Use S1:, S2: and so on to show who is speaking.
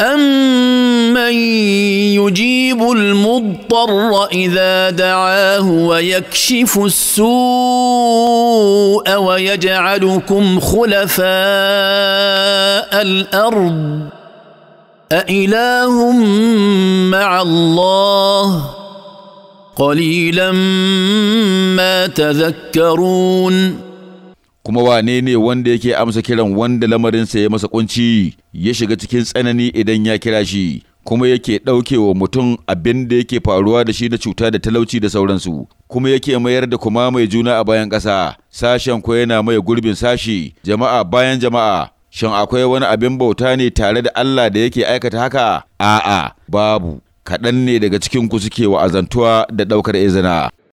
S1: امن يجيب المضطر اذا دعاه ويكشف السوء ويجعلكم خلفاء الارض أإله مع الله قليلا ما تذكرون
S2: kuma wane ne wanda yake amsa kiran wanda lamarinsa ya masa kunci ya shiga cikin tsanani idan ya kira shi kuma yake ɗauke wa mutum abin da yake faruwa da shi na cuta da talauci da sauransu kuma yake mayar da kuma mai juna a bayan ƙasa sashen ko yana mai gurbin sashi jama'a bayan jama'a shin akwai wani abin bauta ne tare da Allah da yake aikata haka a'a babu kaɗan ne daga cikin ku suke wa'azantuwa da
S3: ɗaukar izina